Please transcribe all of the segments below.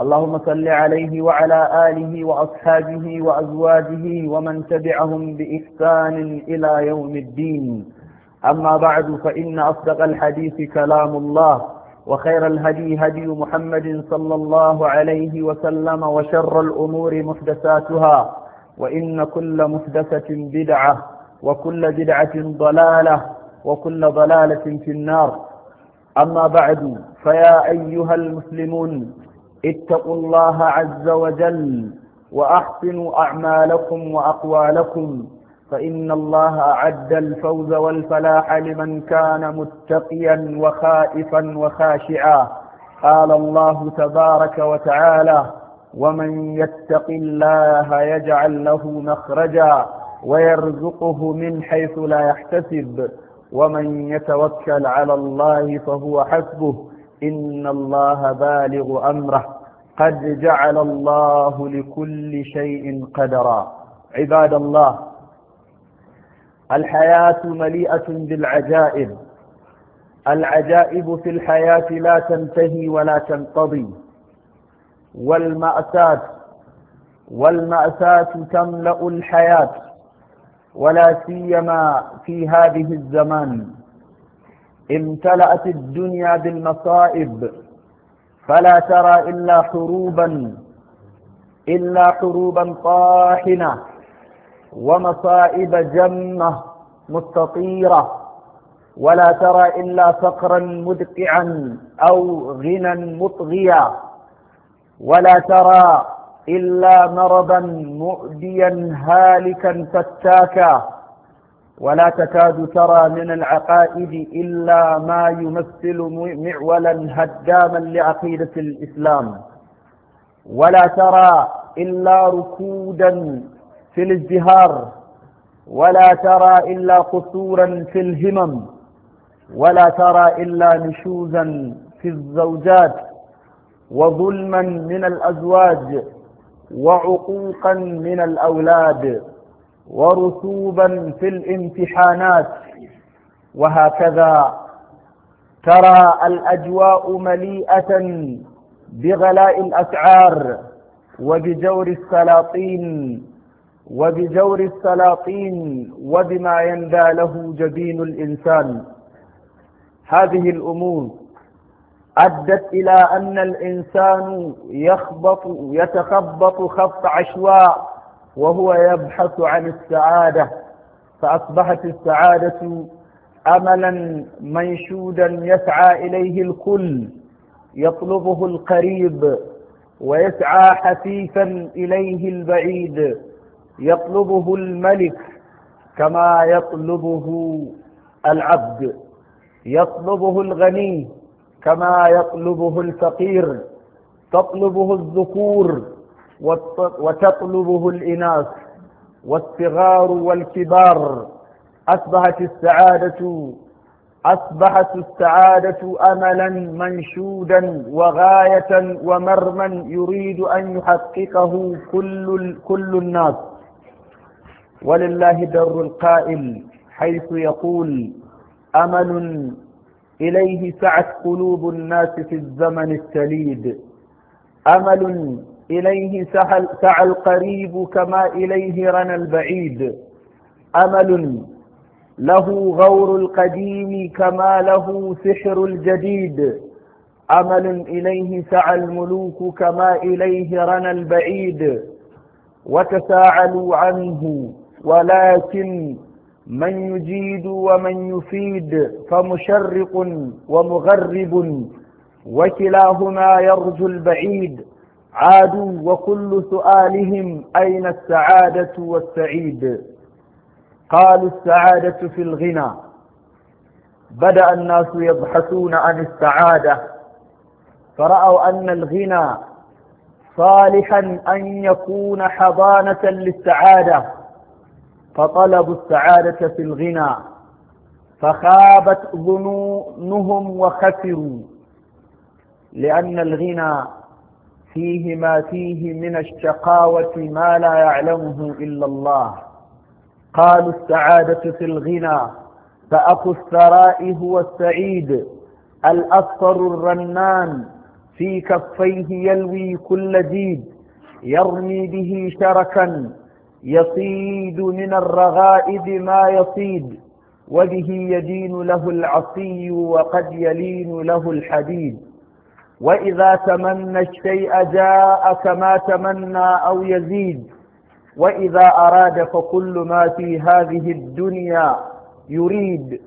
اللهم صل عليه وعلى آله وأصحابه وأزواجه ومن تبعهم بإحسان إلى يوم الدين أما بعد فإن أصدق الحديث كلام الله وخير الهدي هدي محمد صلى الله عليه وسلم وشر الأمور محدثاتها وإن كل محدثة بدعة وكل بدعة ضلالة وكل ضلالة في النار أما بعد فيا أيها المسلمون اتقوا الله عز وجل وأحسنوا أعمالكم وأقوالكم فإن الله أعد الفوز والفلاح لمن كان متقيا وخائفا وخاشعا قال الله تبارك وتعالى ومن يتق الله يجعل له مخرجا ويرزقه من حيث لا يحتسب ومن يتوكل على الله فهو حسبه إن الله بالغ أمره قد جعل الله لكل شيء قدرا عباد الله الحياة مليئة بالعجائب العجائب في الحياة لا تنتهي ولا تنقضي والمأساة والمأساة تملأ الحياة ولا سيما في هذه الزمان امتلأت الدنيا بالمصائب فلا ترى إلا حروبا إلا حروبا طاحنة ومصائب جمة مستطيرة ولا ترى إلا فقرا مدقعا أو غنى مطغيا ولا ترى إلا مرضا مؤديا هالكا فتاكا ولا تكاد ترى من العقائد إلا ما يمثل معولا هداما لعقيدة الإسلام ولا ترى إلا ركودا في الازدهار ولا ترى إلا قصورا في الهمم ولا ترى إلا نشوزا في الزوجات وظلما من الأزواج وعقوقا من الأولاد ورسوبا في الامتحانات وهكذا ترى الأجواء مليئة بغلاء الأسعار وبجور السلاطين وبجور السلاطين وبما يندى له جبين الإنسان هذه الأمور أدت إلى أن الإنسان يخبط يتخبط خبط عشواء وهو يبحث عن السعادة فأصبحت السعادة أملا منشودا يسعى إليه الكل يطلبه القريب ويسعى حثيثا إليه البعيد يطلبه الملك كما يطلبه العبد يطلبه الغني كما يطلبه الفقير تطلبه الذكور وتطلبه الإناث والصغار والكبار أصبحت السعادة أصبحت السعادة أملا منشودا وغاية ومرما يريد أن يحققه كل, كل الناس ولله در القائل حيث يقول أمل إليه سعت قلوب الناس في الزمن السليد أمل إليه سعى القريب كما إليه رنى البعيد أمل له غور القديم كما له سحر الجديد أمل إليه سعى الملوك كما إليه رنى البعيد وتساعلوا عنه ولكن من يجيد ومن يفيد فمشرق ومغرب وكلاهما يرجو البعيد عادوا وكل سؤالهم أين السعادة والسعيد قالوا السعادة في الغنى بدأ الناس يبحثون عن السعادة فرأوا أن الغنى صالحا أن يكون حضانة للسعادة فطلبوا السعادة في الغنى فخابت ظنونهم وخسروا لأن الغنى فيه ما فيه من الشقاوة ما لا يعلمه إلا الله قالوا السعادة في الغنى فأخو الثراء هو السعيد الأصفر الرنان في كفيه يلوي كل ديد يرمي به شركا يصيد من الرغائب ما يصيد وبه يدين له العصي وقد يلين له الحديد وإذا تمنى الشيء جاء كما تمنى أو يزيد وإذا أراد فكل ما في هذه الدنيا يريد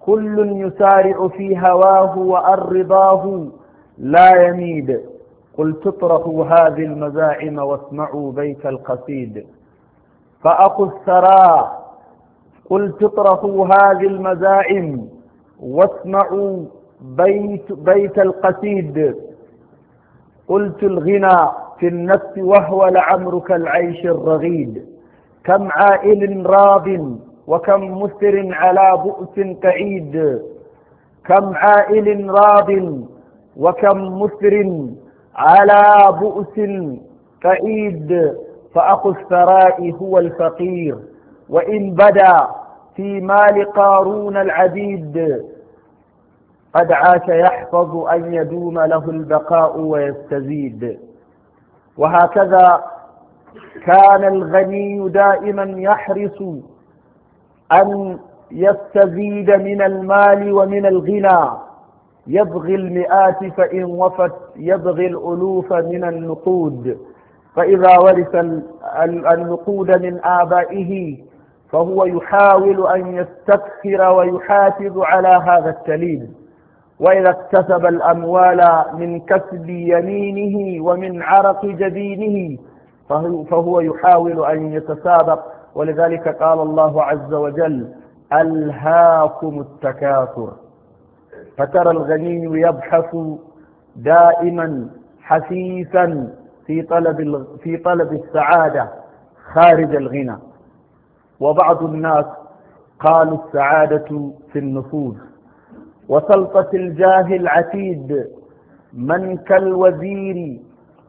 كل يسارع في هواه وأن رضاه لا يميد قل تطرحوا هذه المزاعم واسمعوا بيت القصيد فأقوا الثراء قل تطرحوا هذه المزاعم واسمعوا بيت, بيت القصيد قلت الغنى في النفس وهو لعمرك العيش الرغيد كم عائل راض وكم مسر على بؤس تعيد كم عائل راض وكم مسر على بؤس تعيد فأخو الثراء هو الفقير وإن بدا في مال قارون العبيد قد عاش يحفظ أن يدوم له البقاء ويستزيد وهكذا كان الغني دائما يحرص أن يستزيد من المال ومن الغنى يبغي المئات فإن وفت يبغي الألوف من النقود فإذا ورث النقود من آبائه فهو يحاول أن يستكثر ويحافظ على هذا التليد وإذا اكتسب الأموال من كسب يمينه ومن عرق جبينه فهو يحاول أن يتسابق ولذلك قال الله عز وجل ألهاكم التكاثر فترى الغني يبحث دائما حثيثا في طلب في طلب السعادة خارج الغنى وبعض الناس قالوا السعادة في النفوذ وسلطة الجاه العتيد من كالوزير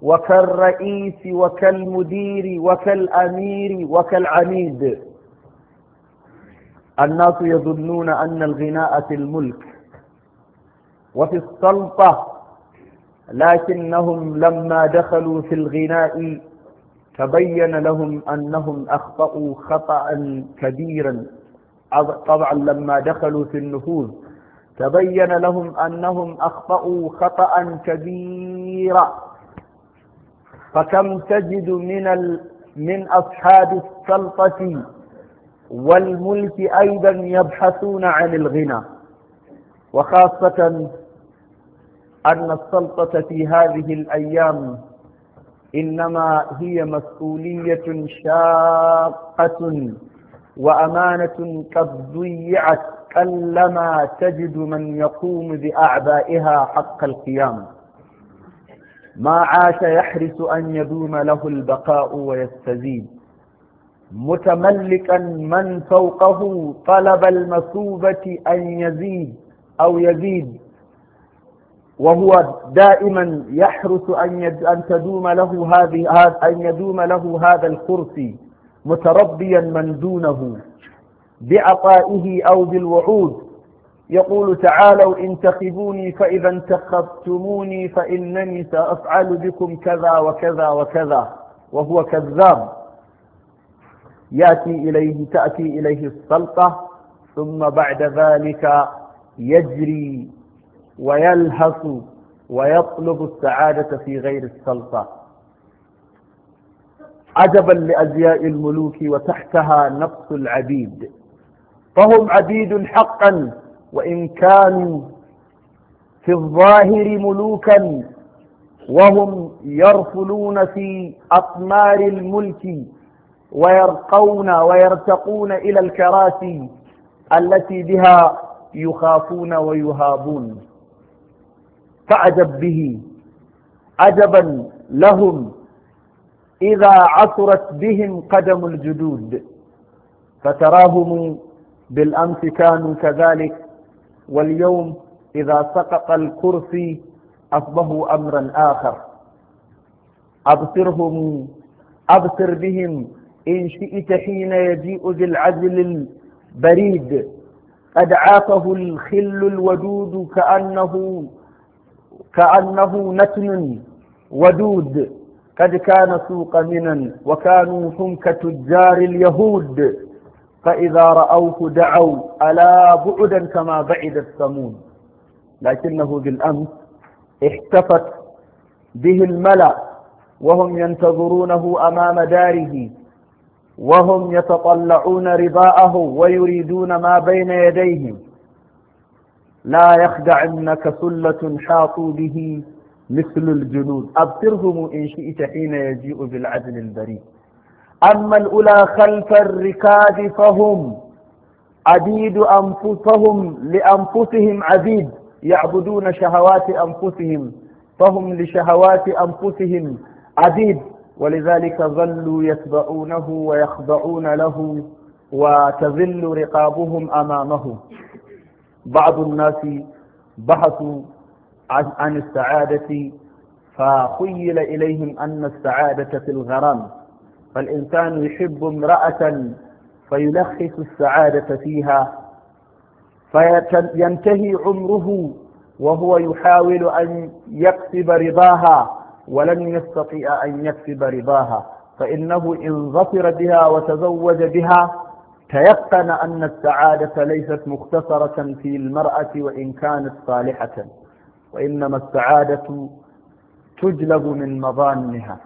وكالرئيس وكالمدير وكالأمير وكالعميد الناس يظنون أن الغناء في الملك وفي السلطة لكنهم لما دخلوا في الغناء تبين لهم أنهم أخطأوا خطأ كبيرا طبعا لما دخلوا في النفوذ تبين لهم أنهم أخطأوا خطأ كبيرا فكم تجد من ال... من أصحاب السلطة والملك أيضا يبحثون عن الغنى وخاصة أن السلطة في هذه الأيام إنما هي مسؤولية شاقة وأمانة قد ضيعت قلما تجد من يقوم بأعبائها حق القيام ما عاش يحرص أن يدوم له البقاء ويستزيد متملكا من فوقه طلب المثوبة أن يزيد أو يزيد وهو دائما يحرص أن أن تدوم له هذه أن يدوم له هذا الكرسي متربيا من دونه بعطائه أو بالوعود يقول تعالوا انتخبوني فإذا انتخبتموني فإنني سأفعل بكم كذا وكذا وكذا وهو كذاب يأتي إليه تأتي إليه السلطة ثم بعد ذلك يجري ويلهث ويطلب السعادة في غير السلطة عجبا لأزياء الملوك وتحتها نفس العبيد فهم عبيد حقا وإن كانوا في الظاهر ملوكا وهم يرفلون في أطمار الملك ويرقون ويرتقون إلى الكراسي التي بها يخافون ويهابون فعجب به عجبا لهم إذا عثرت بهم قدم الجدود فتراهم بالأمس كانوا كذلك واليوم إذا سقط الكرسي أصبه أمرا آخر أبصرهم أبصر بهم إن شئت حين يجيء ذي العزل البريد قد عافه الخل الودود كأنه كأنه نتن ودود قد كان سوق منا وكانوا هم تجار اليهود فإذا رأوه دعوا ألا بعدا كما بعد السمون لكنه بالأمس احتفت به الملأ وهم ينتظرونه أمام داره وهم يتطلعون رضاءه ويريدون ما بين يديهم لا يخدعنك سلة حاطوا به مثل الجنود أبصرهم إن شئت حين يجيء بالعدل البريد أما الأولى خلف الركاب فهم عبيد أنفسهم لأنفسهم عبيد يعبدون شهوات أنفسهم فهم لشهوات أنفسهم عبيد ولذلك ظلوا يتبعونه ويخضعون له وتذل رقابهم أمامه بعض الناس بحثوا عن السعادة فخيل إليهم أن السعادة في الغرام فالإنسان يحب امرأة فيلخص السعادة فيها فينتهي عمره وهو يحاول أن يكسب رضاها ولن يستطيع أن يكسب رضاها فإنه إن ظفر بها وتزوج بها تيقن أن السعادة ليست مختصرة في المرأة وإن كانت صالحة وإنما السعادة تجلب من مظانها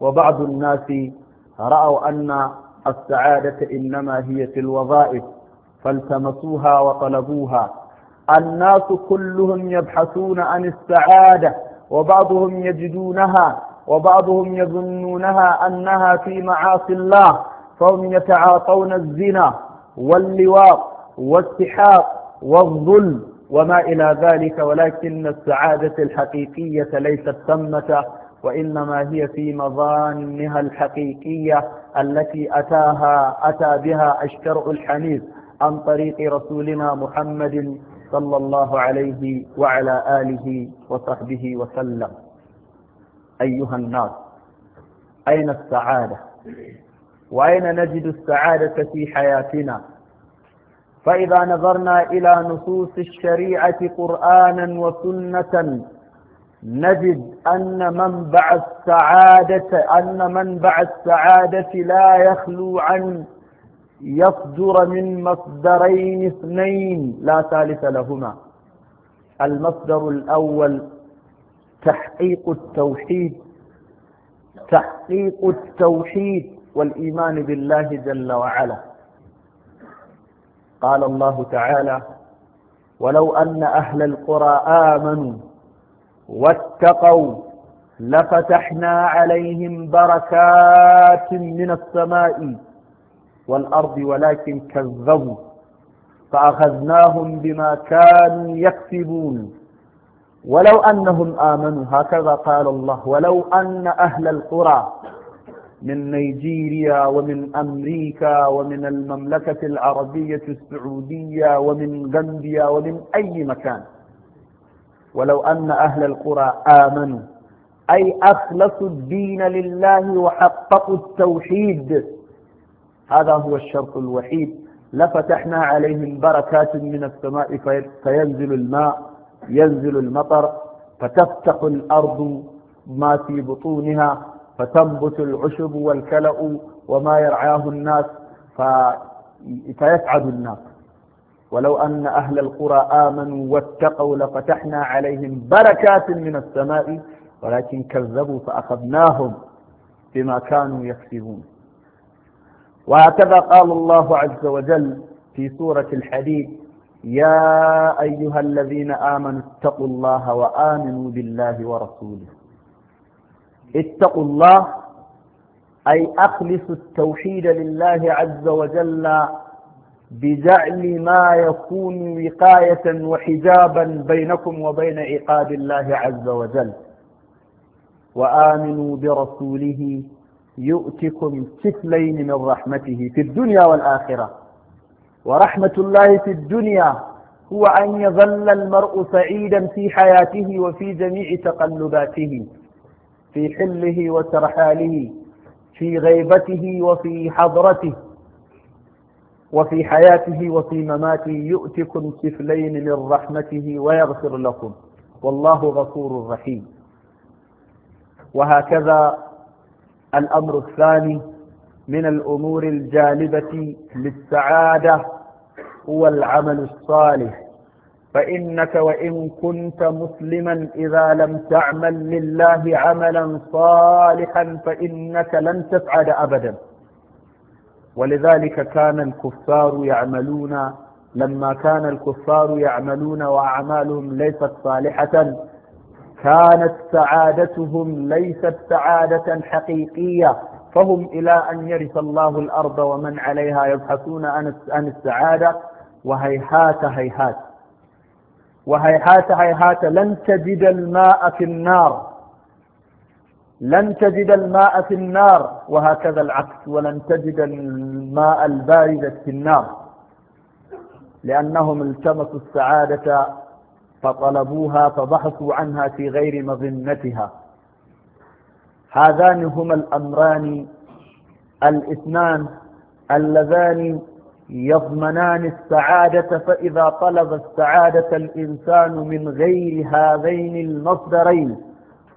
وبعض الناس رأوا أن السعادة إنما هي في الوظائف فالتمسوها وطلبوها الناس كلهم يبحثون عن السعادة وبعضهم يجدونها وبعضهم يظنونها أنها في معاصي الله فهم يتعاطون الزنا واللواط والسحاق والظلم وما إلى ذلك ولكن السعادة الحقيقية ليست ثمة وإنما هي في مظانها الحقيقية التي أتاها أتى بها الشرع الحنيف عن طريق رسولنا محمد صلى الله عليه وعلى آله وصحبه وسلم أيها الناس أين السعادة وأين نجد السعادة في حياتنا فإذا نظرنا إلى نصوص الشريعة قرآنا وسنة نجد أن منبع السعادة أن منبع السعادة لا يخلو عن يصدر من مصدرين اثنين لا ثالث لهما المصدر الأول تحقيق التوحيد تحقيق التوحيد والإيمان بالله جل وعلا قال الله تعالى ولو أن أهل القرى آمنوا واتقوا لفتحنا عليهم بركات من السماء والأرض ولكن كذبوا فأخذناهم بما كانوا يكسبون ولو أنهم آمنوا هكذا قال الله ولو أن أهل القرى من نيجيريا ومن أمريكا ومن المملكة العربية السعودية ومن غنبيا ومن أي مكان ولو أن أهل القرى آمنوا أي أخلصوا الدين لله وحققوا التوحيد هذا هو الشرط الوحيد لفتحنا عليهم بركات من السماء فينزل الماء ينزل المطر فتفتح الأرض ما في بطونها فتنبت العشب والكلأ وما يرعاه الناس فيسعد الناس ولو أن أهل القرى آمنوا واتقوا لفتحنا عليهم بركات من السماء ولكن كذبوا فأخذناهم بما كانوا يكسبون وهكذا قال الله عز وجل في سورة الحديد يا أيها الذين آمنوا اتقوا الله وآمنوا بالله ورسوله اتقوا الله أي أخلصوا التوحيد لله عز وجل بجعل ما يكون وقاية وحجابا بينكم وبين عقاب الله عز وجل وآمنوا برسوله يؤتكم كفلين من رحمته في الدنيا والآخرة ورحمة الله في الدنيا هو أن يظل المرء سعيدا في حياته وفي جميع تقلباته في حله وترحاله في غيبته وفي حضرته وفي حياته وفي مماته يؤتكم كفلين من رحمته ويغفر لكم والله غفور رحيم وهكذا الأمر الثاني من الأمور الجالبة للسعادة هو العمل الصالح فإنك وإن كنت مسلما إذا لم تعمل لله عملا صالحا فإنك لن تسعد أبدا ولذلك كان الكفار يعملون لما كان الكفار يعملون وأعمالهم ليست صالحة كانت سعادتهم ليست سعادة حقيقية فهم إلى أن يرث الله الأرض ومن عليها يبحثون عن السعادة وهيهات هيهات وهيهات هيهات لن تجد الماء في النار لن تجد الماء في النار وهكذا العكس ولن تجد الماء البارد في النار لأنهم التمسوا السعادة فطلبوها فبحثوا عنها في غير مظنتها هذان هما الأمران الاثنان اللذان يضمنان السعادة فإذا طلب السعادة الإنسان من غير هذين المصدرين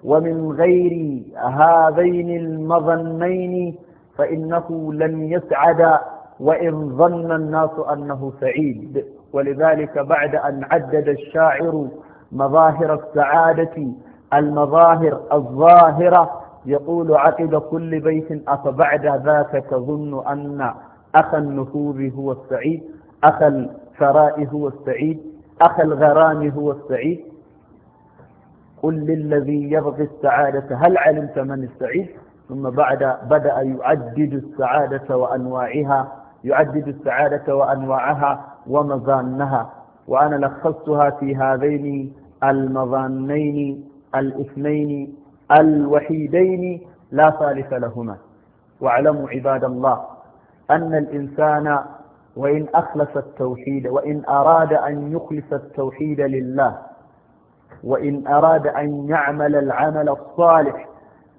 ومن غير هذين المظنين فإنه لن يسعد وإن ظن الناس أنه سعيد ولذلك بعد أن عدد الشاعر مظاهر السعادة المظاهر الظاهرة يقول عقب كل بيت أفبعد ذاك تظن أن أخ النفوذ هو السعيد أخ الثراء هو السعيد أخ الغرام هو السعيد قل للذي يبغي السعادة هل علمت من السعيد ثم بعد بدأ يعدد السعادة وأنواعها يعدد السعادة وأنواعها ومظانها وأنا لخصتها في هذين المظانين الاثنين الوحيدين لا ثالث لهما واعلموا عباد الله أن الإنسان وإن أخلص التوحيد وإن أراد أن يخلص التوحيد لله وإن أراد أن يعمل العمل الصالح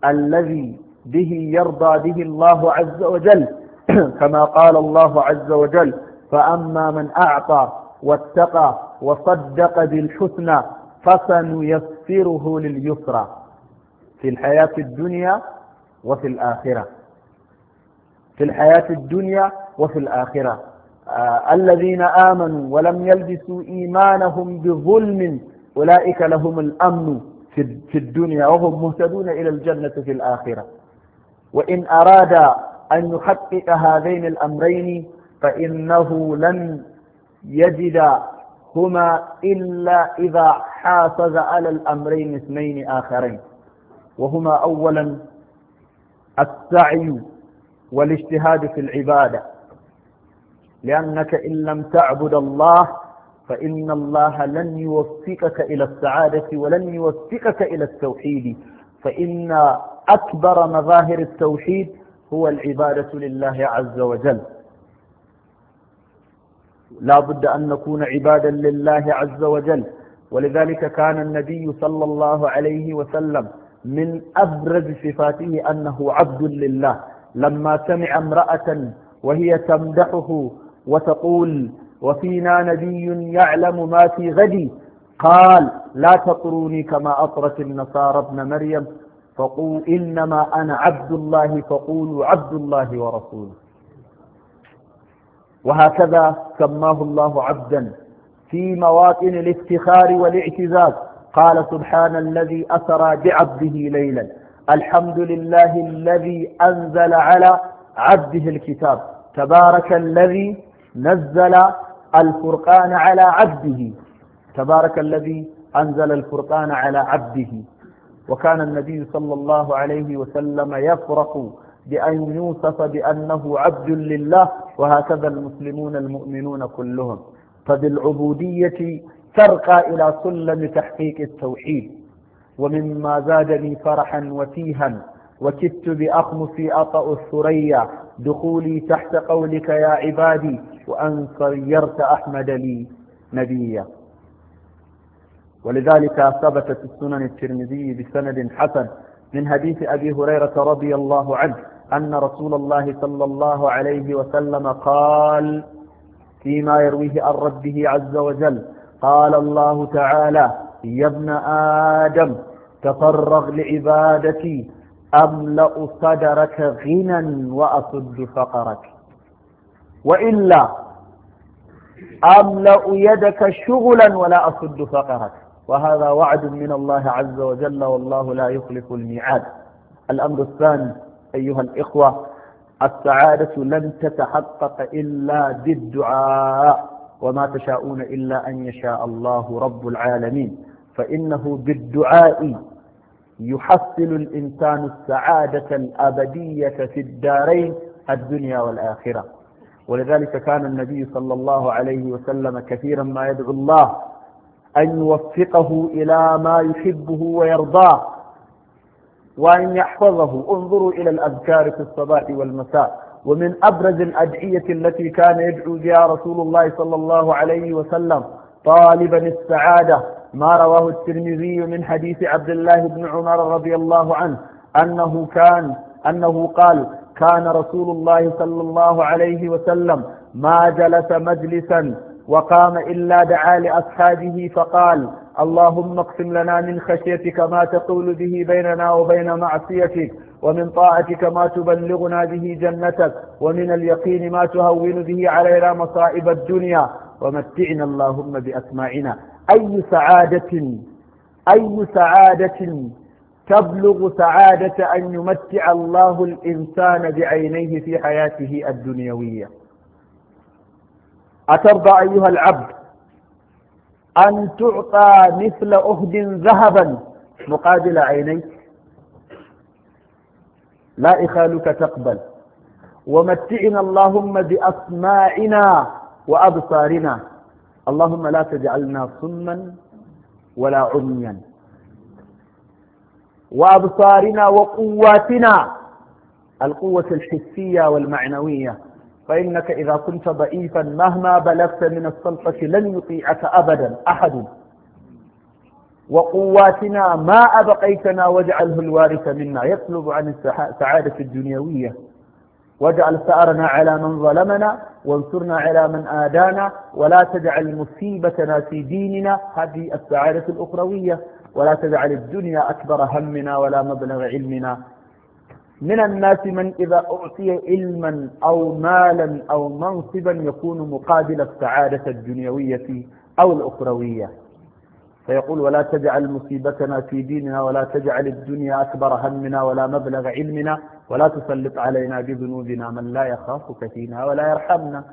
الذي به يرضى به الله عز وجل كما قال الله عز وجل فأما من أعطى واتقى وصدق بالحسنى فسنيسره لليسرى في الحياة الدنيا وفي الآخرة في الحياة الدنيا وفي الآخرة آه الذين آمنوا ولم يلبسوا إيمانهم بظلم أولئك لهم الأمن في الدنيا وهم مهتدون إلى الجنة في الآخرة وإن أراد أن يحقق هذين الأمرين فإنه لن يجد هما إلا إذا حافظ على الأمرين اثنين آخرين وهما أولا السعي والاجتهاد في العبادة لأنك إن لم تعبد الله فإن الله لن يوفقك إلى السعادة ولن يوفقك إلى التوحيد فإن أكبر مظاهر التوحيد هو العبادة لله عز وجل لا بد أن نكون عبادا لله عز وجل ولذلك كان النبي صلى الله عليه وسلم من أبرز صفاته أنه عبد لله لما سمع امرأة وهي تمدحه وتقول وفينا نبي يعلم ما في غدي قال لا تطروني كما أطرت النصارى ابن مريم فقول إنما أنا عبد الله فقولوا عبد الله ورسوله وهكذا سماه الله عبدا في مواطن الافتخار والاعتزاز قال سبحان الذي أسرى بعبده ليلا الحمد لله الذي أنزل على عبده الكتاب تبارك الذي نزل الفرقان على عبده تبارك الذي أنزل الفرقان على عبده وكان النبي صلى الله عليه وسلم يفرق بأن يوصف بأنه عبد لله وهكذا المسلمون المؤمنون كلهم فبالعبودية ترقى إلى سلم تحقيق التوحيد ومما زادني فرحا وتيها وكدت بأخمصي أطأ الثريا دخولي تحت قولك يا عبادي وأن صيرت أحمد لي نبيا ولذلك ثبتت السنن الترمذي بسند حسن من حديث أبي هريرة رضي الله عنه أن رسول الله صلى الله عليه وسلم قال فيما يرويه عن ربه عز وجل قال الله تعالى يا ابن آدم تفرغ لعبادتي أملأ صدرك غنى وأسد فقرك وإلا أملأ يدك شغلا ولا أسد فقرك وهذا وعد من الله عز وجل والله لا يخلف الميعاد الأمر الثاني أيها الإخوة السعادة لن تتحقق إلا بالدعاء وما تشاءون إلا أن يشاء الله رب العالمين فإنه بالدعاء يحصل الإنسان السعادة الأبدية في الدارين الدنيا والآخرة ولذلك كان النبي صلى الله عليه وسلم كثيرا ما يدعو الله أن يوفقه إلى ما يحبه ويرضاه وأن يحفظه انظروا إلى الأذكار في الصباح والمساء ومن أبرز الأدعية التي كان يدعو بها رسول الله صلى الله عليه وسلم طالبا السعادة ما رواه الترمذي من حديث عبد الله بن عمر رضي الله عنه أنه كان أنه قال كان رسول الله صلى الله عليه وسلم ما جلس مجلسا وقام إلا دعا لأصحابه فقال اللهم اقسم لنا من خشيتك ما تقول به بيننا وبين معصيتك ومن طاعتك ما تبلغنا به جنتك ومن اليقين ما تهون به علينا مصائب الدنيا ومتعنا اللهم بأسماعنا أي سعادة أي سعادة تبلغ سعادة أن يمتع الله الإنسان بعينيه في حياته الدنيوية أترضى أيها العبد أن تعطى مثل أهد ذهبا مقابل عينيك لا إخالك تقبل ومتعنا اللهم بأسماعنا وأبصارنا اللهم لا تجعلنا صما ولا عميا وأبصارنا وقواتنا القوة الحسية والمعنوية فإنك إذا كنت ضعيفا مهما بلغت من السلطة لن يطيعك أبدا أحد وقواتنا ما أبقيتنا واجعله الوارث منا يطلب عن السعادة الدنيوية واجعل ثأرنا على من ظلمنا وانصرنا على من آدانا ولا تجعل مصيبتنا في ديننا هذه السعادة الأخروية ولا تجعل الدنيا أكبر همنا ولا مبلغ علمنا من الناس من إذا أعطي علما أو مالا أو منصبا يكون مقابل السعادة الدنيوية أو الأخروية فيقول ولا تجعل مصيبتنا في ديننا ولا تجعل الدنيا أكبر همنا ولا مبلغ علمنا ولا تسلط علينا بذنوبنا من لا يخافك فينا ولا يرحمنا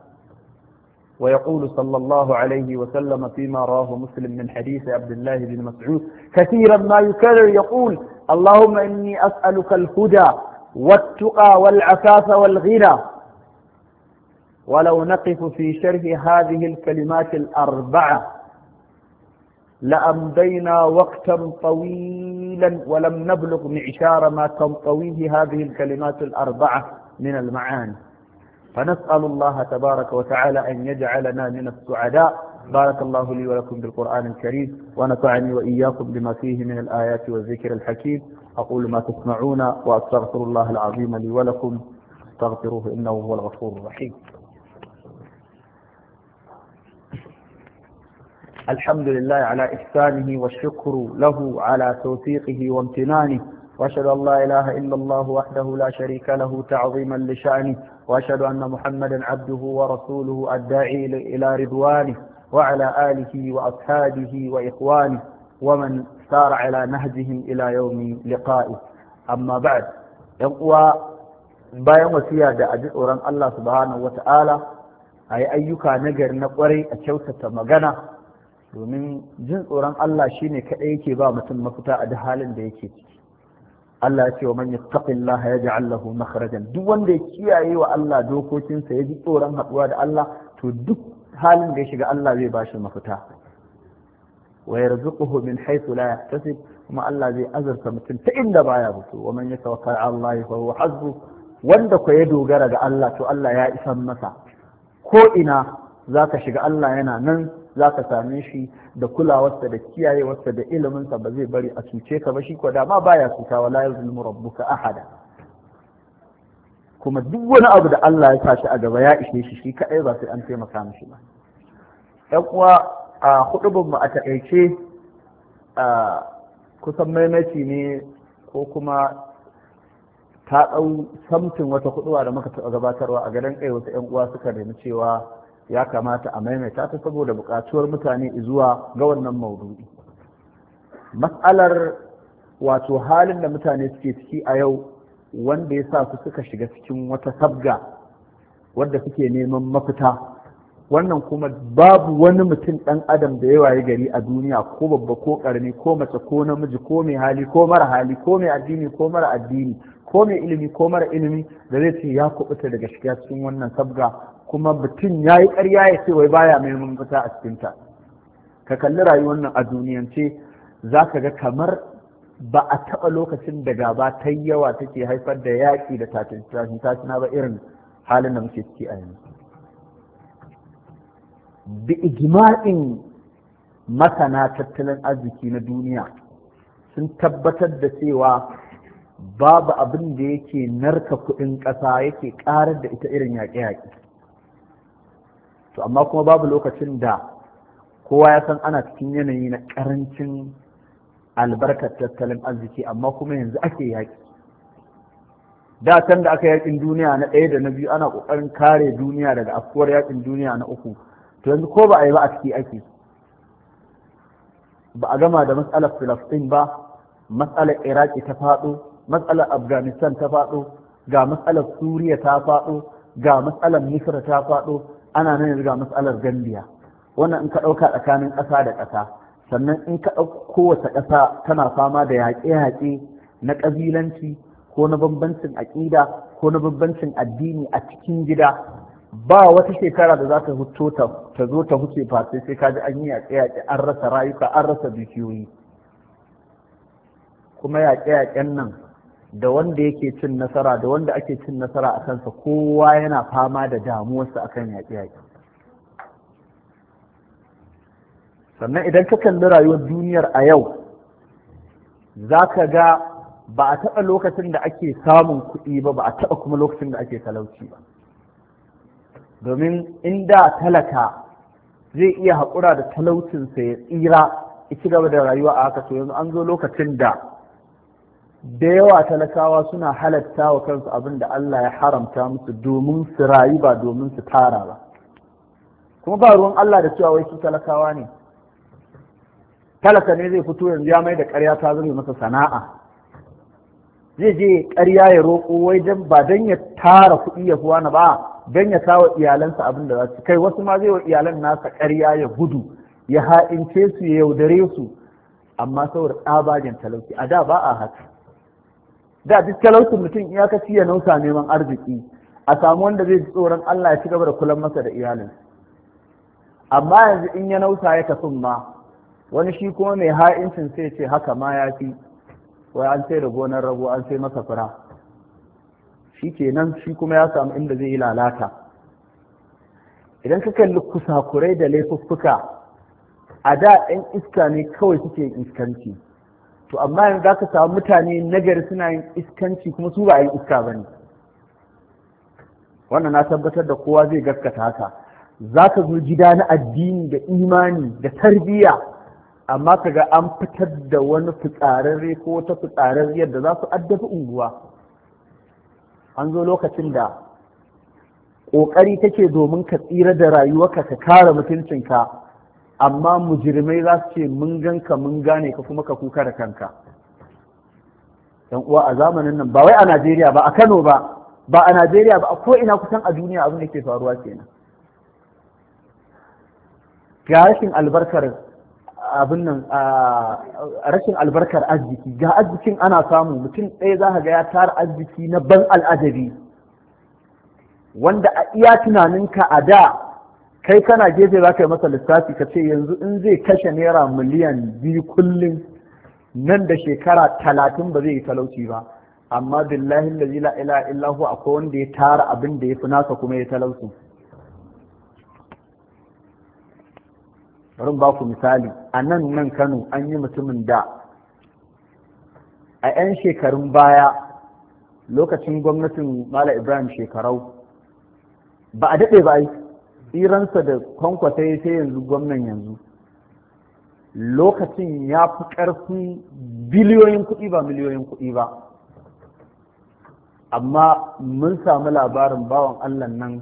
ويقول صلى الله عليه وسلم فيما رواه مسلم من حديث عبد الله بن مسعود كثيرا ما يكرر يقول اللهم إني أسألك الهدى والتقى والعفاف والغنى ولو نقف في شرح هذه الكلمات الأربعة لأمضينا وقتا طويلا ولم نبلغ معشار ما تنطويه هذه الكلمات الأربعة من المعاني فنسأل الله تبارك وتعالى أن يجعلنا من السعداء بارك الله لي ولكم بالقرآن الكريم ونفعني وإياكم بما فيه من الآيات والذكر الحكيم أقول ما تسمعون وأستغفر الله العظيم لي ولكم استغفروه إنه هو الغفور الرحيم الحمد لله على إحسانه والشكر له على توفيقه وامتنانه وأشهد أن لا إله إلا الله وحده لا شريك له تعظيما لشأنه وأشهد أن محمدا عبده ورسوله الداعي إلى رضوانه وعلى آله وأصحابه وإخوانه ومن سار على نهجهم إلى يوم لقائه أما بعد يقوى bayan wasiya da aji tsoron Allah subhanahu wata'ala a yi ayyuka na gari na kwarai a kyautata magana domin jin tsoron Allah shi shine kaɗai yake ba mutum mafita a duk halin da yake ciki Allah ya ce wa man ya yaj'al lahu makhrajan duk wanda ya kiyaye wa Allah dokokinsa ya ji tsoron haɗuwa da Allah to duk halin da ya shiga Allah zai ba shi mafita wa yarzuquhu min haythu la yahtasib kuma Allah zai azurta mutum ta inda baya fito wa man yatawakkal Allah fa huwa hazbu wanda ko ya dogara ga Allah to Allah ya isan masa ko ina zaka shiga Allah yana nan za ka same shi da kulawarsa da kiyayewarsa da iliminsa ba zai bari a cuce ka ba shi ko dama baya cuta wala yuzlimu rabbuka ahada kuma duk wani abu da Allah ya tashi a gaba ya ishe shi shi kaɗai ba sai an taimaka mashi ba yan uwa a hudubin mu a takaice kusan maimaci ne ko kuma ta ɗau samtin wata huduwa da muka taɓa gabatarwa a garin kai wasu 'yan uwa suka nemi cewa ya kamata a maimaita ta saboda buƙatuwar mutane zuwa ga wannan maudu'i matsalar wato halin da mutane suke ciki a yau wanda ya sa su suka shiga cikin wata sabga wadda suke neman mafita wannan kuma babu wani mutum ɗan adam da yawa ya gari a duniya ko babba ko ƙarni ko mace ko namiji ko mai hali ko mara hali ko mai addini ko mara addini ko mai ilimi ko mara ilimi da zai ce ya kubuta daga shiga cikin wannan sabga kuma mutum ya yi ƙarya ya ce wai baya mai mafita a cikinta ka kalli rayuwar nan a duniyance za ka ga kamar ba a taɓa lokacin da gaba ta yawa take haifar da yaƙi da tashin tashin ba irin halin da muke ciki a yanzu bi ijma'in masana tattalin arziki na duniya sun tabbatar da cewa babu abin da yake narka kuɗin ƙasa yake ƙarar da ita irin yaƙe-yaƙe to amma kuma babu lokacin da kowa ya san ana cikin yanayi na karancin albarkar tattalin arziki amma kuma yanzu ake yaƙi da can da aka yaƙin duniya na ɗaya da na biyu ana ƙoƙarin kare duniya daga afkuwar yaƙin duniya na uku to yanzu ko ba a yi ba a ciki ake ba a gama da matsalar filastin ba matsalar iraki ta faɗo matsalar afghanistan ta faɗo ga matsalar suriya ta faɗo ga matsalar misra ta faɗo ana nan yanzu ga matsalar gambiya wannan in ka ɗauka tsakanin ƙasa da ƙasa sannan in ka ɗauka kowace ƙasa tana fama da yaƙe-yaƙe na ƙabilanci ko na bambancin aƙida ko na bambancin addini a cikin gida ba wata shekara da za ta huto ta zo ta huce sai sai ka ji an yi yaƙe-yaƙe an rasa rayuka an rasa dukiyoyi kuma yaƙe-yaƙen nan da wanda yake cin nasara da wanda ake cin nasara a kansa kowa yana fama da damuwarsa a kan yaƙi-yaƙi sannan idan ka kalli rayuwar duniyar a yau za ka ga ba a taɓa lokacin da ake samun kuɗi ba ba a taɓa kuma lokacin da ake talauci ba domin inda talaka zai iya haƙura da talaucinsa ya tsira ya gaba da rayuwa a haka to yanzu an zo lokacin da da yawa talakawa suna halatta wa kansu abin da Allah ya haramta musu domin su rayu ba domin su tara ba kuma ba ruwan Allah da cewa wai su talakawa ne talaka ne zai fito yanzu ya mai da ƙarya ta zama masa sana'a zai je ƙarya ya roƙo wai ba dan ya tara kuɗi ya fi wani ba dan ya kawo iyalansa abin da za su kai wasu ma zai wa iyalan nasa ƙarya ya gudu ya ha'ince su ya yaudare su amma saboda tsabagen talauci a da ba a haka da duk talaucin mutum ya kaci ya nausa neman arziki a samu wanda zai ji tsoron Allah ya ci gaba da kulan masa da iyalin amma yanzu in ya nausa ya tafi ma wani shi kuma mai ha'incin sai ce haka ma ya fi wai an sai da gonar rago an sai masa fura shi kenan shi kuma ya samu inda zai yi lalata idan ka kalli kusakurai da laifuffuka a da 'yan iska ne kawai suke iskanci to amma yanzu za ka samu mutane nagari suna yin iskanci kuma su ba yin iska ba ne wannan na tabbatar da kowa zai gaskata haka za ka zo gida na addini da imani da tarbiyya amma ka ga an fitar da wani fitsararre ko wata fitsararriyar da za su addabi unguwa an zo lokacin da ƙoƙari take domin ka tsira da rayuwarka ka kare mutuncinka amma mujirmai za su ce mun ganka mun gane ka kuma ka kuka da kanka dan uwa a zamanin nan ba wai a Najeriya ba a Kano ba ba a Najeriya ba a ko ina kusan a duniya abin da ke faruwa kenan ga rashin albarkar abin nan rashin albarkar arziki ga arzikin ana samu mutum ɗaya za ga ya tara arziki na ban al'ajabi wanda a iya tunaninka a da kai kana gefe za ka yi masa lissafi ka ce yanzu in zai kashe naira miliyan biyu kullum nan da shekara talatin ba zai yi talauci ba amma billahi da zila ila illahu akwai wanda ya tara abin da ya fi nasa kuma ya talauci Rin ba ku misali a nan nan kano an yi mutumin da a 'yan shekarun baya lokacin gwamnatin mala ibrahim shekarau ba a daɗe ba yi tsiransa da kwankwata ya sai yanzu gwamnan yanzu lokacin ya fi ƙarfin biliyoyin kuɗi ba miliyoyin kuɗi ba amma mun samu labarin bawan allah nan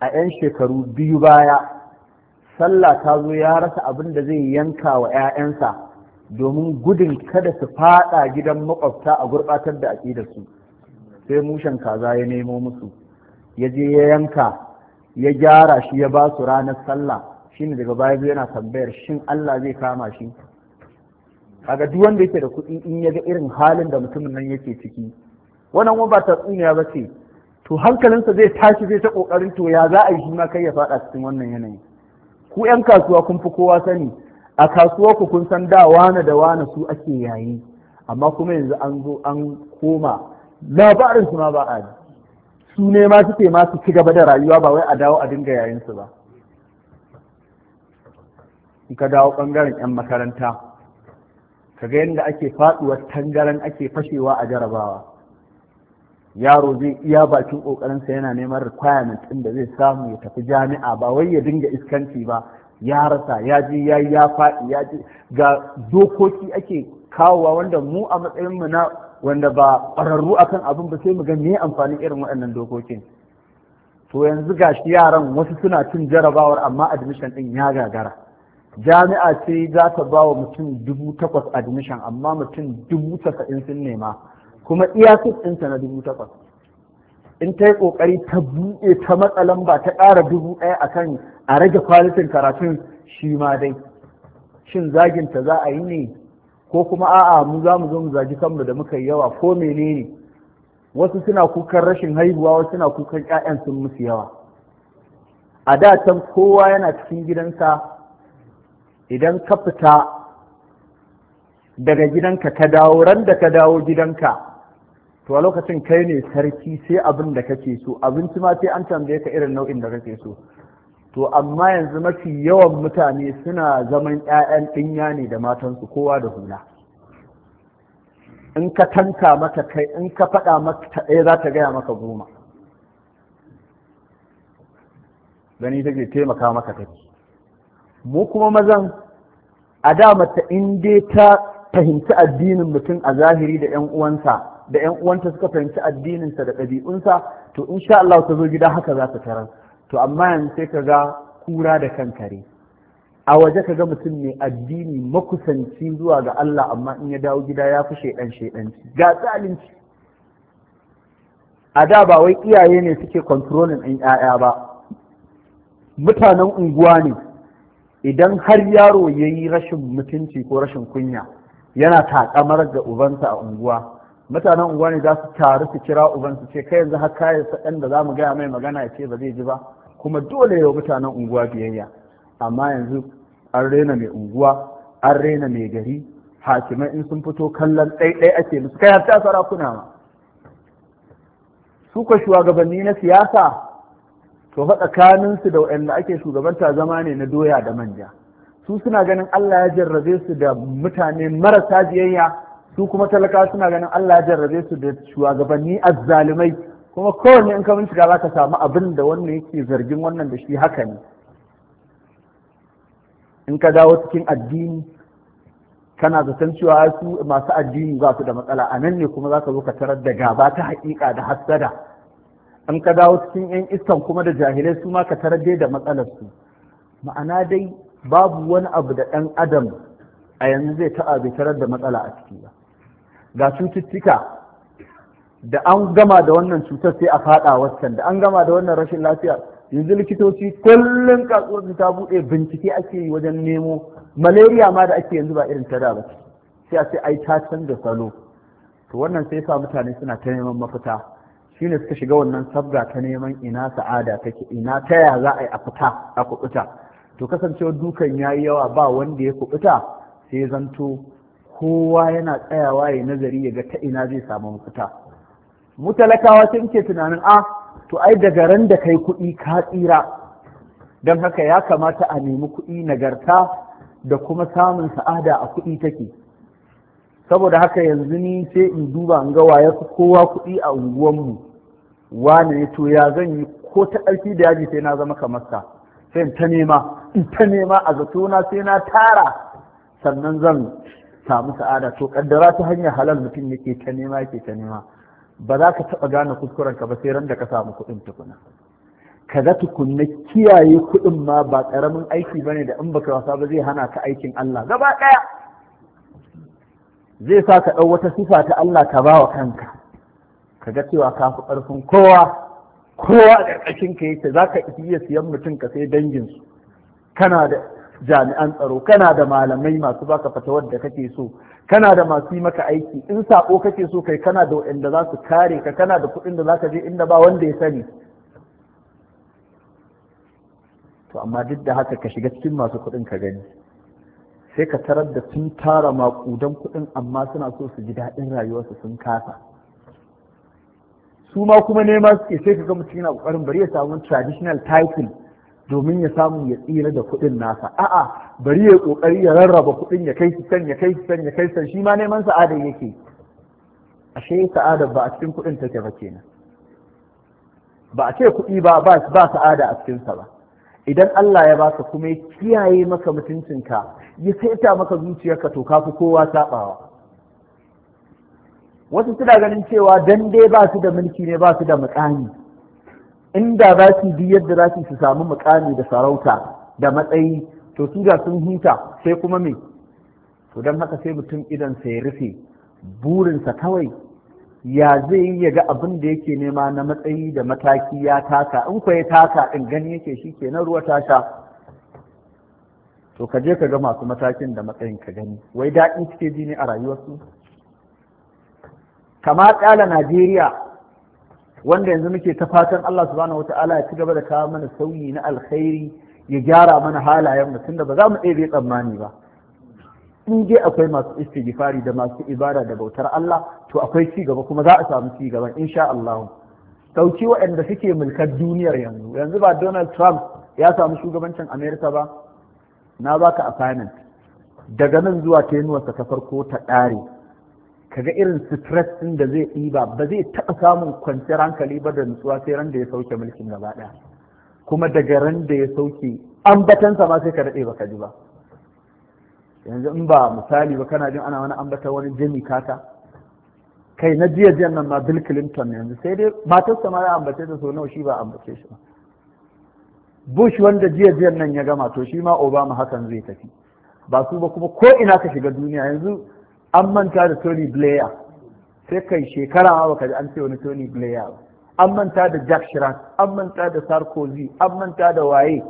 a 'yan shekaru biyu baya sallah ta zo ya rasa abin da zai yanka wa 'ya'yansa domin gudun kada su fada gidan makwabta a gurbatar da aƙidarsu sai mushen kaza ya nemo musu ya je ya yanka ya gyara shi ya ba su ranar sallah shi ne daga baya yana tambayar shin Allah zai kama shi kaga duk wanda yake da kuɗi in ya ga irin halin da mutumin nan yake ciki wannan kuma ba tatsuniya ba ce to hankalinsa zai tashi zai ta kokarin to ya za a yi shi ma kai ya faɗa cikin wannan yanayi ku yan kasuwa kun fi kowa sani a kasuwa ku kun san da wane da wane su ake yayi amma kuma yanzu an zo an koma labarin su ma ba a su ne ma suke ma su ci gaba da rayuwa ba wai a dawo a dinga yayin su ba in ka dawo bangaren yan makaranta ka ga yadda ake faduwar tangaran ake fashewa a jarabawa yaro zai iya bakin kokarinsa yana neman requirement ɗin da zai samu ya tafi jami'a ba wai ya dinga iskanci ba ya rasa ya je ya ya faɗi ya je ga dokoki ake kawowa wanda mu a matsayin mu na wanda ba ƙwararru a kan abin ba sai mu ga me amfanin irin waɗannan dokokin to yanzu ga shi yaran wasu suna cin jarabawar amma admission ɗin ya gagara jami'a ce za ta ba wa mutum dubu takwas admission amma mutum dubu tasa'in sun nema kuma iya ɗinta na dubu takwas in ta yi ƙoƙari ta buɗe ta matsa lamba ta ƙara dubu ɗaya a kan a rage kwalitin karatun shi ma dai shin zaginta za a yi ne ko kuma a'a mu za mu zo mu zagi kanmu da muka yi yawa ko menene wasu suna kukan rashin haihuwa wasu suna kukan ƴaƴan sun musu yawa a da can kowa yana cikin gidansa idan ka fita daga gidanka ka dawo ran da ka dawo gidanka to a lokacin kai ne sarki sai abin da kake so abinci ma sai an tambaye ka irin nau'in da kake so to amma yanzu mafi yawan mutane suna zaman 'ya'yan ɗinya ne da matansu kowa da hula in ka tanka mata kai in ka faɗa mata ɗaya za ta gaya maka goma gani take taimaka maka take mu kuma mazan a da mata in dai ta fahimci addinin mutum a zahiri da 'yan uwansa da 'yan uwanta suka fahimci addininsa da ɗabi'unsa to insha Allah ta zo gida haka za ta tarar to amma yanzu sai ka ga kura da kankare a waje ka ga mutum mai addini makusanci zuwa ga Allah amma in ya dawo gida ya fi shaidan shaidanci ga tsalinci a da ba wai iyaye ne suke kontrolin ɗin 'ya'ya ba mutanen unguwa ne idan har yaro ya yi rashin mutunci ko rashin kunya yana taƙamar ga ubansa a unguwa mutanen unguwa ne za su taru su kira ubansa, ce kai yanzu har kayan saɗan da za mu gaya mai magana ya ce ba zai ji ba kuma dole yau mutanen unguwa biyayya amma yanzu an rena mai unguwa an rena mai gari hakimai in sun fito kallon ɗaiɗai ake musu kai hatta sarakuna ma su ka shugabanni na siyasa to fa tsakaninsu da waɗanda ake shugabanta zama ne na doya da manja su suna ganin Allah ya jarrabe su da mutane marasa biyayya su kuma talaka suna ganin Allah ya jarrabe su da shugabanni azzalumai kuma kowane in ka bincika za ka samu abin da wannan yake zargin wannan da shi haka ne in ka dawo cikin addini kana zaton cewa su masu addini ba su da matsala a nan ne kuma za ka zo ka tarar da gaba ta haƙiƙa da hassada in ka dawo cikin 'yan iskan kuma da jahilai su ma ka tarar dai da matsalar su ma'ana dai babu wani abu da ɗan adam a yanzu zai taɓa bai tarar da matsala a ciki ba ga cututtuka da an gama da wannan cutar sai a faɗa waccan da an gama da wannan rashin lafiya yanzu likitoci kullum kasuwar ta buɗe bincike ake yi wajen nemo malaria ma da ake yanzu ba irin ta da ba sai a ce ai ta canza salo to wannan sai sa mutane suna ta neman mafita shine suka shiga wannan sabga ta neman ina sa'ada take ina ta ya za a yi a fita a kubuta to kasancewar dukan yayi yawa ba wanda ya kubuta sai zanto kowa yana tsayawa ya nazari ya ga ta ina zai samu mafita mu talakawa sai muke tunanin a ah, to ai da ran da kai kuɗi ka tsira don haka ya kamata a nemi kuɗi nagarta da kuma samun sa'ada a kuɗi take saboda haka yanzu ni sai in duba in ga waye kowa kuɗi a unguwanmu wane ne to ya zan yi ko ta ƙarfi da yaji sai na zama kamar sa sai ta nema in ta nema a zato na sai na tara sannan zan samu sa'ada to kaddara ta hanyar halal mutum yake ta nema yake ta nema ba za ka taɓa gane kuskuren ka ba sai ran da ka samu kuɗin tukuna Ka kaga tukunna kiyaye kuɗin ma ba ƙaramin aiki ba ne da in baka wasa ba zai hana ka aikin Allah gaba ɗaya zai sa ka ɗau wata sifa ta Allah ka ba wa kanka Ka ga cewa ka fi ƙarfin kowa kowa a ƙarƙashin ka yake za ka iya siyan mutum ka sai danginsu kana da jami'an tsaro kana da malamai masu baka fatawar da kake so kana da masu yi maka aiki in sako kake so kai kana da waɗanda za su kare ka kana da kuɗin da za ka je inda ba wanda ya sani to amma duk da haka ka shiga cikin masu kuɗin ka gani sai ka tarar da sun tara maƙudan kuɗin amma suna so su ji daɗin rayuwarsu sun kasa su ma kuma nema suke sai ka ga mutum yana ƙoƙarin bari ya samu traditional title domin ya samu ya tsira da kuɗin nasa a'a bari ya kokari ya rarraba kuɗin ya kai san ya kai san ya kai san shi ma neman sa'ada yake ashe sa'ada ba a cikin kuɗin take ba kenan ba a ce kuɗi ba ba sa'ada a cikin sa ba idan Allah ya baka kuma ya kiyaye maka mutuncinka ya saita maka zuciyarka to kafi kowa sabawa wasu suna ganin cewa dan dai ba su da mulki ne ba su da mukami inda za su bi yadda za su samu mukami da sarauta da matsayi to su da sun huta sai kuma me to don haka sai mutum idan sai rufe burinsa kawai ya zai yi ya ga abin da yake nema na matsayi da mataki ya taka in kwa ya taka in gani yake shi ke na ruwa tasha to ka je ka ga masu matakin da matsayin ka gani wai daɗi suke ji ne a rayuwarsu kama ƙala najeriya wanda yanzu muke ta fatan Allah subhanahu wataala ya ci gaba da kawo mana sauyi na alkhairi ya gyara mana halayen mu tunda ba za mu ɗebe tsammani ba in dai akwai masu istighfari da masu ibada da bautar Allah to akwai ci gaba kuma za a samu ci gaba insha Allah dauki waɗanda suke mulkar duniyar yanzu yanzu ba Donald Trump ya samu shugabancin America ba na baka assignment daga nan zuwa tenuwarsa ta farko ta ɗare kaga irin stress din da zai ɗiba ba zai taɓa samun kwanciyar hankali ba da nutsuwa sai ran da ya sauke mulkin gaba ɗaya kuma daga ran da ya sauke ambatansa ma sai ka daɗe ba ka ji ba yanzu in ba misali ba kana jin ana wani ambatar wani jami kata kai na jiya jiyan nan ma bill clinton yanzu sai dai matarsa ma ya ambace ta so nawa shi ba ambace shi ba bush wanda jiya jiyan nan ya gama to shi ma obama hakan zai tafi ba su ba kuma ko ina ka shiga duniya yanzu an manta da Tony Blair sai kai shekara hawa kaji an ce wani Tony Blair an manta da Jack Chirac an manta da Sarkozy an manta da waye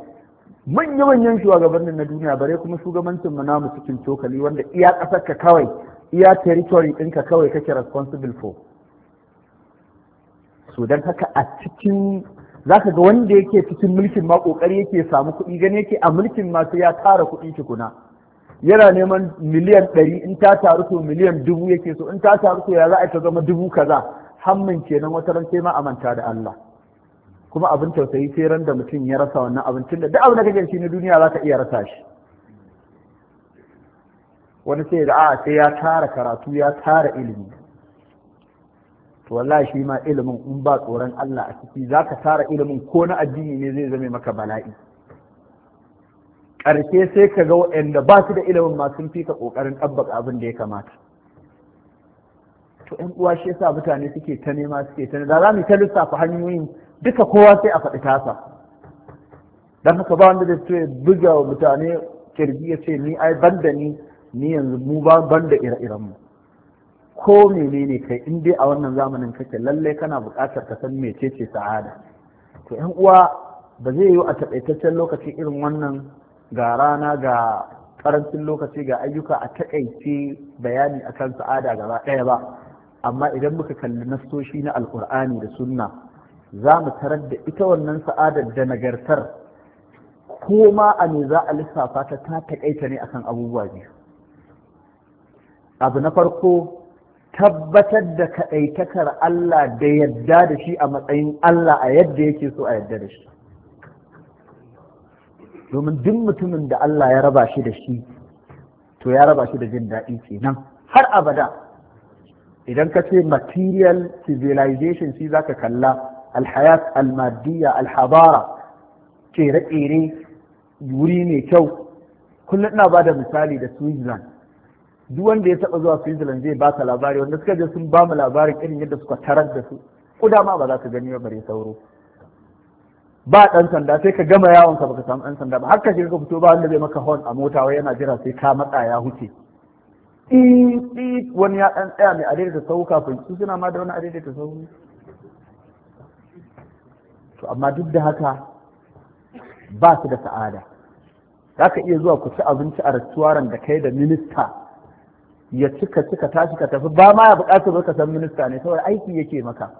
manya-manyan shugabannin na duniya bare kuma shugabancin mu namu cikin cokali wanda iya ƙasar ka kawai iya territory ɗinka kawai kake responsible for so dan haka a cikin za ka ga wanda yake cikin mulkin ma ƙoƙari yake samu kuɗi gani yake a mulkin masu ya tara kuɗi tukuna yana neman miliyan ɗari in ta taru to miliyan dubu yake so in ta taru to ya za a ta zama dubu kaza hammin kenan wata ran sai ma a da Allah kuma abin tausayi sai ran da mutum ya rasa wannan abincin da duk abin da kake shi na duniya za ka iya rasa shi wani sai da a sai ya tara karatu ya tara ilimi to wallahi shi ma ilimin in ba tsoron Allah a ciki zaka tara ilimin ko na addini ne zai zame maka bala'i ƙarshe sai ka ga waɗanda ba su da ilimin ma sun fi ka ƙoƙarin ɗabbaƙa abin da ya kamata to ƴan uwa shi yasa mutane suke ta nema suke ta da za mu ta lissafa hanyoyin duka kowa sai a faɗi tasa don haka ba wanda da ce buga wa mutane kirji ya ce ni ai ban da ni ni yanzu mu ba ban da ire-iren mu ko menene kai in dai a wannan zamanin kake lallai kana buƙatar ka san mecece sa'ada to ƴan uwa ba zai yiwu a taƙaitaccen lokaci irin wannan ga rana ga karancin lokaci ga ayyuka a takaice bayani akan sa'ada gaba ɗaya ba amma idan muka kalli nastoshi na alkur'ani da sunna za mu tarar da ita wannan sa'adar da nagartar ko ma a me za a lissafa ta ta takaita ne akan abubuwa biyu abu na farko tabbatar da kaɗaitakar Allah da yadda da shi a matsayin Allah a yadda yake so a yadda da shi domin duk mutumin da Allah ya raba shi da shi to ya raba shi da jin daɗi kenan har abada idan ka ce material civilization shi zaka kalla alhayat almadiyya alhabara kere-kere wuri mai kyau kullum ina ba da misali da switzerland duk wanda ya taɓa zuwa switzerland zai baka labari wanda suka je sun ba mu labarin irin yadda suka tarar da su ku dama ba za ka gani ba bare sauro ba ɗan sanda sai ka gama yawon ka baka samu ɗan sanda ba har ka shiga ka fito ba wanda bai maka hon a mota wai yana jira sai ka matsa ya huce tsit wani ya ɗan tsaya mai da sauka kafin su suna ma da wani da sahu to amma duk da haka ba su da sa'ada za ka iya zuwa ku ci abinci a restaurant da kai da minista ya cika cika tashi ka tafi ba ma ya buƙatar ka san minista ne saboda aiki yake maka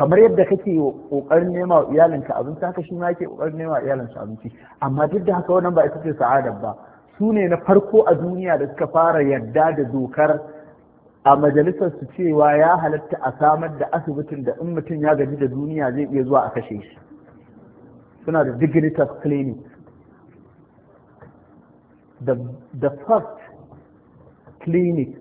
kamar yadda kake kokarin nema wa iyalinka abinci haka shi ma yake kokarin nema wa iyalinsa abinci amma duk da haka wannan ba ita ce sa'adar ba su ne na farko a duniya da suka fara yarda da dokar a majalisar su cewa ya halatta a samar da asibitin da in mutum ya gaji da duniya zai iya zuwa a kashe shi suna da dignitas clinic the, the first clinic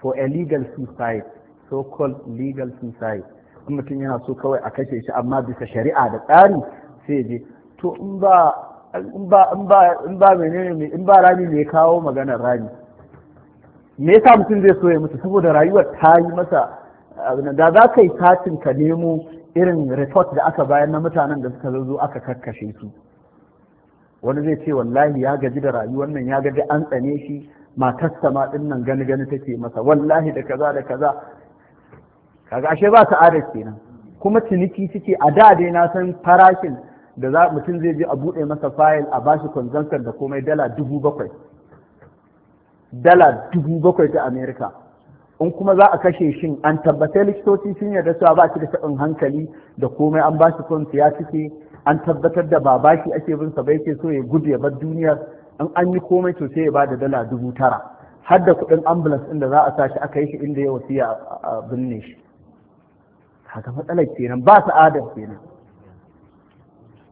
for a legal suicide so called legal suicide in mutum yana so kawai a kashe shi amma bisa shari'a da tsari sai je to in ba in ba in ba in ba rami ne kawo maganar rami me yasa mutum zai so ya mutu saboda rayuwar ta yi masa da za ka yi katin ka nemo irin report da aka bayan na mutanen da suka zo aka karkashe su wani zai ce wallahi ya gaji da rayuwar nan ya gaji an tsane shi matarsa ma din nan gani gani take masa wallahi da kaza da kaza kaga ashe ba sa'adar kenan kuma ciniki suke a da dai na san farashin da za mutum zai je a buɗe masa fayil a bashi consumption da komai dala dubu bakwai dala dubu bakwai ta amerika in kuma za a kashe shin an tabbatar likitoci sun yarda cewa ba shi da taɓin hankali da komai an bashi kwanci ya cike an tabbatar da ba bashi ake bin sa ba yake so ya gudu ya bar duniyar in an yi komai to sai ya ba da dala dubu tara har da kuɗin ambulance ɗin da za a sa shi aka yi shi inda ya wasiya a binne shi haka matsalar kenan ba sa'adar kenan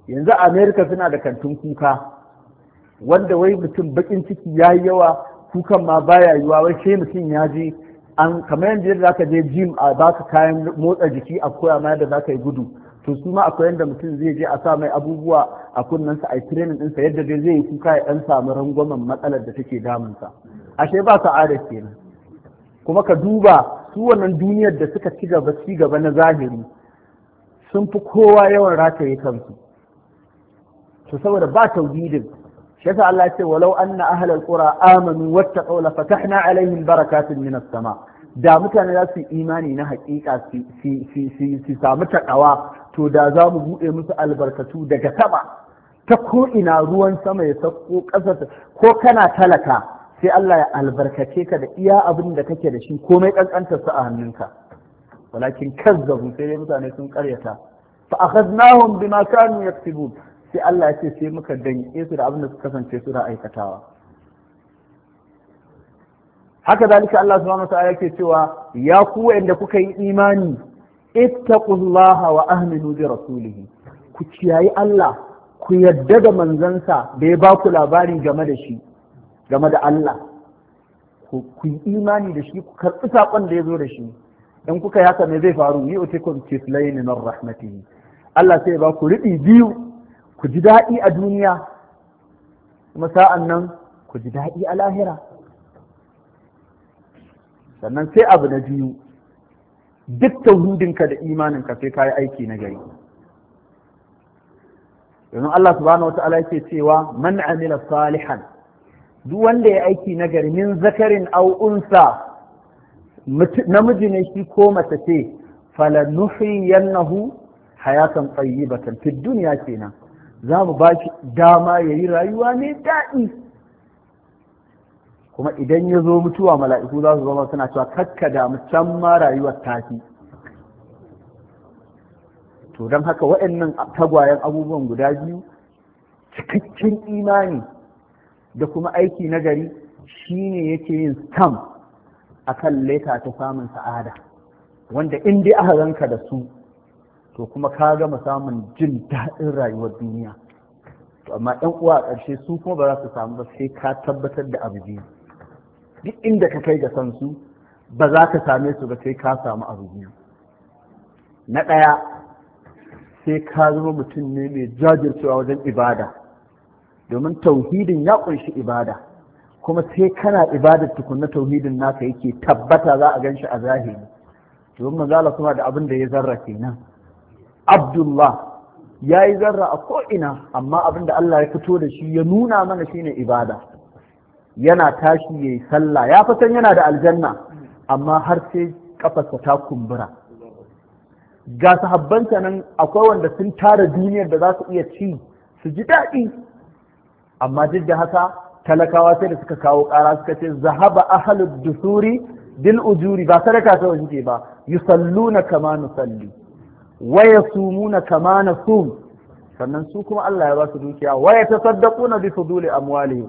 yanzu Amerika suna da kantin kuka wanda wai mutum bakin ciki ya yi yawa kukan ma baya yiwa wai sai mutum ya je an kamar yadda za ka je jim a baka kayan motsa jiki a koya ma yadda za ka yi gudu to su ma akwai yadda mutum zai je a sa mai abubuwa a kunnensa a yi training ɗinsa yadda dai zai yi kuka ya ɗan sami rangwamen matsalar da take damunsa ashe ba sa'adar kenan kuma ka duba su wannan duniyar da suka ci gaba ci gaba na zahiri sun fi kowa yawan rataye kansu to saboda ba tauhidin shi yasa Allah ya ce walau anna ahlal qura amanu wattaqaw la fatahna alaihim barakatun minas sama da mutane za su imani na hakika su samu takawa to da za mu buɗe musu albarkatu daga sama ta ko ina ruwan sama ya sauko ƙasa ko kana talaka sai Allah ya albarkace ka da iya abin da kake da shi komai kankantar sa a hannunka walakin kazzabu sai dai mutane sun karyata fa akhadnahum bima kanu yaktubun sai Allah ya ce sai muka danye su da abin da suka kasance suna aikatawa haka zalika Allah subhanahu wa ta'ala yake cewa ya ku wanda kuka yi imani ittaqullaha wa ahminu bi rasulihi ku ciyayi Allah ku yadda da manzansa da ya ba ku labari game da shi game da Allah ku yi imani da shi ku karɓi saƙon da ya zo da shi in kuka yaka me zai faru yi utikum ne, min rahmatihi Allah sai ba ku riɗi biyu ku ji daɗi a duniya kuma sa'an nan ku ji daɗi a lahira sannan sai abu na biyu duk tauhidinka da imaninka sai ka yi aiki na gari domin Allah subhanahu wa ta'ala yake cewa man amila salihan duk wanda ya aiki nagari min zakarin au unsa namiji ne shi ko mace ce yannahu hayatan tayyibatan fi duniya kenan za mu ba shi dama ya yi rayuwa ne daɗi kuma idan ya zo mutuwa mala'iku za su zama suna cewa kakka damu can ma rayuwar tafi to don haka waɗannan tagwayen abubuwan guda biyu cikakken imani da kuma aiki na gari shi ne yake yin stamp akan leta ta samun sa'ada wanda in dai aka ranka da su to kuma ka gama samun jin daɗin rayuwar duniya to amma ɗan uwa a ƙarshe su kuma ba za su samu ba sai ka tabbatar da abu biyu duk inda ka kai ga san su ba za ka same su ba sai ka samu abu biyu na ɗaya sai ka zama mutum ne mai jajircewa wajen ibada domin tauhidin ya kunshi ibada kuma sai kana ibadar tukunna tauhidin naka yake tabbata za a ganshi a zahiri domin manzala kuma da abin da ya zarra kenan abdullah ya yi zarra a ko'ina amma abin da Allah ya fito da shi ya nuna mana shine ibada yana tashi ya yi sallah ya fi yana da aljanna amma har sai kafarsa ta kumbura ga sahabbanta nan akwai wanda sun tara duniyar da za su iya ci su ji daɗi amma duk da haka talakawa sai da suka kawo ƙara suka ce zahaba ahlud dusuri bil ujuri ba sadaka ta wajen ba yusalluna kama nusalli wa yasumuna kama nasum sannan su kuma Allah ya ba su dukiya wa yatasaddaquna bi fuduli amwalihim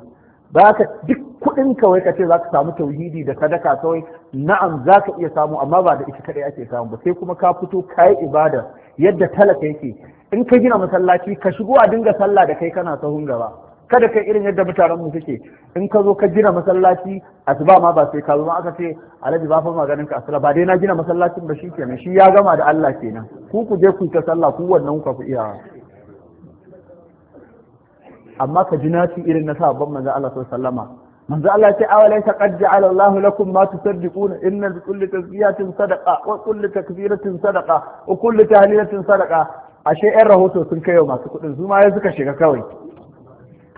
ba ka duk kuɗin wai ka ce za samu tauhidi da sadaka wai? na'am zaka iya samu amma ba da ita kaɗai ake samu ba sai kuma ka fito ka ibada yadda talaka yake in ka gina masallaci ka shigo a dinga sallah da kai kana sahun gaba kada kai irin yadda mutanen mu suke in ka zo ka gina masallaci asuba ma ba sai ka zo ma aka ce alhaji ba fa maganin ka asuba ba dai na gina masallacin ba shi nan, shi ya gama da Allah kenan ku ku je ku yi ta sallah ku wannan ku ku iya amma ka ji shi irin na sabon manzo Allah sallallahu alaihi manzo Allah ce awalaysa qad ja'ala Allah lakum ma tusaddiquna inna bi kulli tasbiyatin sadaqa wa kulli takbiratin sadaqa wa kulli tahlilatin sadaqa ashe 'yan rahoto sun kai masu kuɗin su ma ya suka shiga kawai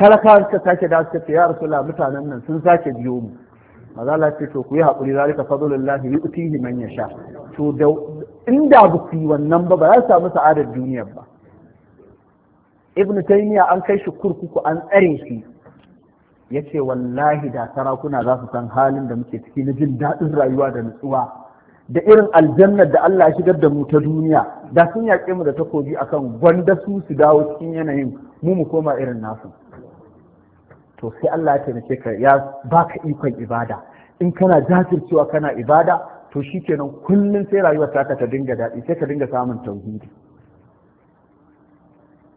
talakawa suka sake da suka ce ya rasu la mutanen nan sun sake biyo mu mazala ce to ku yi haƙuri zalika uti yi manya sha to da inda ba ku yi wannan ba ba za su samu sa'adar duniyar ba ibn taymiya an kai shi kurkuku an tsare shi Ya ce wallahi da sarakuna za su san halin da muke ciki na jin daɗin rayuwa da nutsuwa da irin aljannar da Allah ya shigar da mu ta duniya da sun yaƙe mu da takobi akan gwanda su su dawo cikin yanayin mu mu koma irin nasu to sai Allah ya taimake ka ya baka ikon ibada in kana jajircewa kana ibada to shikenan kullum sai rayuwar taka ta dinga daɗi sai ka dinga samun tauhidi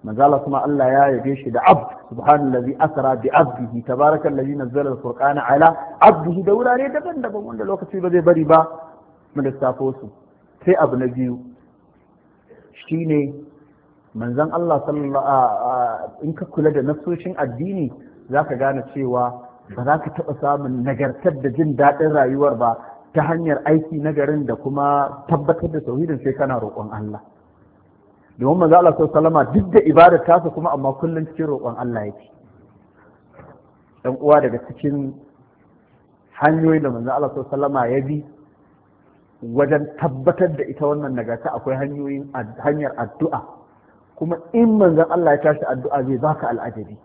manzala kuma Allah ya yabe shi da abd subhanallazi asra bi abdihi tabarakallazi nazzala alqur'ana ala abdihi da wurare daban-daban wanda lokaci ba zai bari ba Mun lissafo su sai abu na biyu shine manzon Allah sallallahu in ka kula da nasoshin addini za ka gane cewa ba za ka taɓa samun nagartar da jin daɗin rayuwar ba ta hanyar aiki nagarin da kuma tabbatar da tauhidin sai kana roƙon Allah domin manzo Allah sallallahu duk da ibadar tasa kuma amma kullum cikin roƙon Allah yake dan uwa daga cikin hanyoyin da manzo Allah sallallahu ya bi wajen tabbatar da ita wannan nagarta akwai hanyoyin hanyar addu'a kuma in manzon Allah ya tashi addu'a zai baka al'ajabi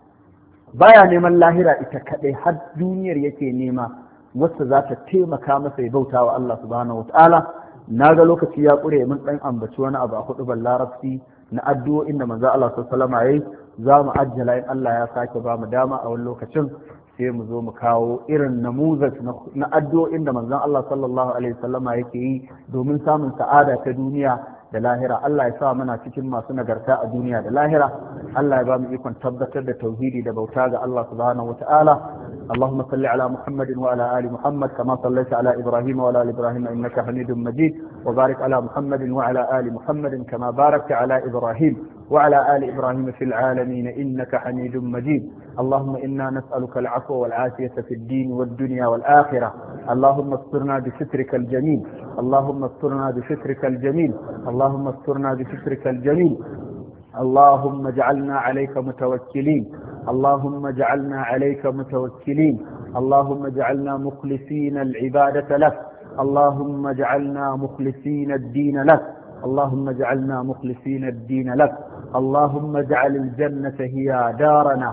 baya neman lahira ita kaɗai har duniyar yake nema Wasu za ta taimaka masa ya bauta wa Allah subhanahu Ta'ala. na ga lokaci ya ƙure min ɗan ambaci wani abu a ban larabci na addu'o da manzo Allah sallallahu alaihi za mu ajjala in Allah ya sake ba mu dama a wani lokacin sai mu zo mu kawo irin namuzar na addu'o'in da manzo Allah sallallahu alaihi wasallam yake yi domin samun sa'ada ta duniya da lahira Allah ya sa muna cikin masu nagarta a duniya da lahira Allah ya ba mu ikon tabbatar da tauhidi da bauta ga Allah subhanahu wata'ala اللهم صل على محمد وعلى آل محمد كما صليت على إبراهيم وعلى آل إبراهيم إنك حميد مجيد وبارك على محمد وعلى آل محمد كما باركت على إبراهيم وعلى آل إبراهيم في العالمين إنك حميد مجيد اللهم إنا نسألك العفو والعافية في الدين والدنيا والآخرة اللهم استرنا بسترك الجميل اللهم استرنا بشكرك الجميل اللهم استرنا بشكرك الجميل اللهم اجعلنا عليك متوكلين اللهم اجعلنا عليك متوكلين اللهم اجعلنا مخلصين العبادة لك اللهم اجعلنا مخلصين الدين لك اللهم اجعلنا مخلصين الدين لك اللهم اجعل الجنة هي دارنا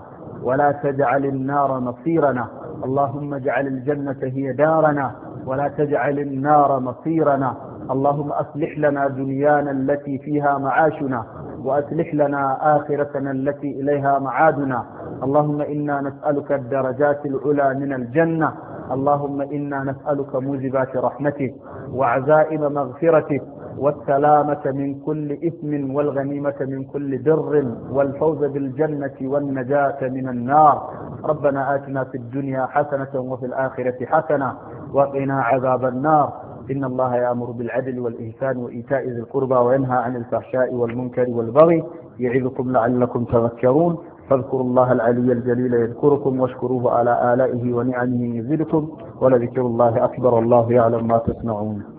ولا تجعل النار مصيرنا اللهم اجعل الجنة هي دارنا ولا تجعل النار مصيرنا اللهم أصلح لنا دنيانا التي فيها معاشنا وأصلح لنا آخرتنا التي إليها معادنا اللهم إنا نسألك الدرجات العلى من الجنة اللهم إنا نسألك موجبات رحمتك وعزائم مغفرتك والسلامة من كل إثم والغنيمة من كل بر والفوز بالجنة والنجاة من النار ربنا آتنا في الدنيا حسنة وفي الآخرة حسنة وقنا عذاب النار إن الله يأمر بالعدل والإحسان وإيتاء ذي القربى وينهى عن الفحشاء والمنكر والبغي يعظكم لعلكم تذكرون فاذكروا الله العلي الجليل يذكركم واشكروه على آلائه ونعمه يزدكم ولذكر الله أكبر الله يعلم ما تصنعون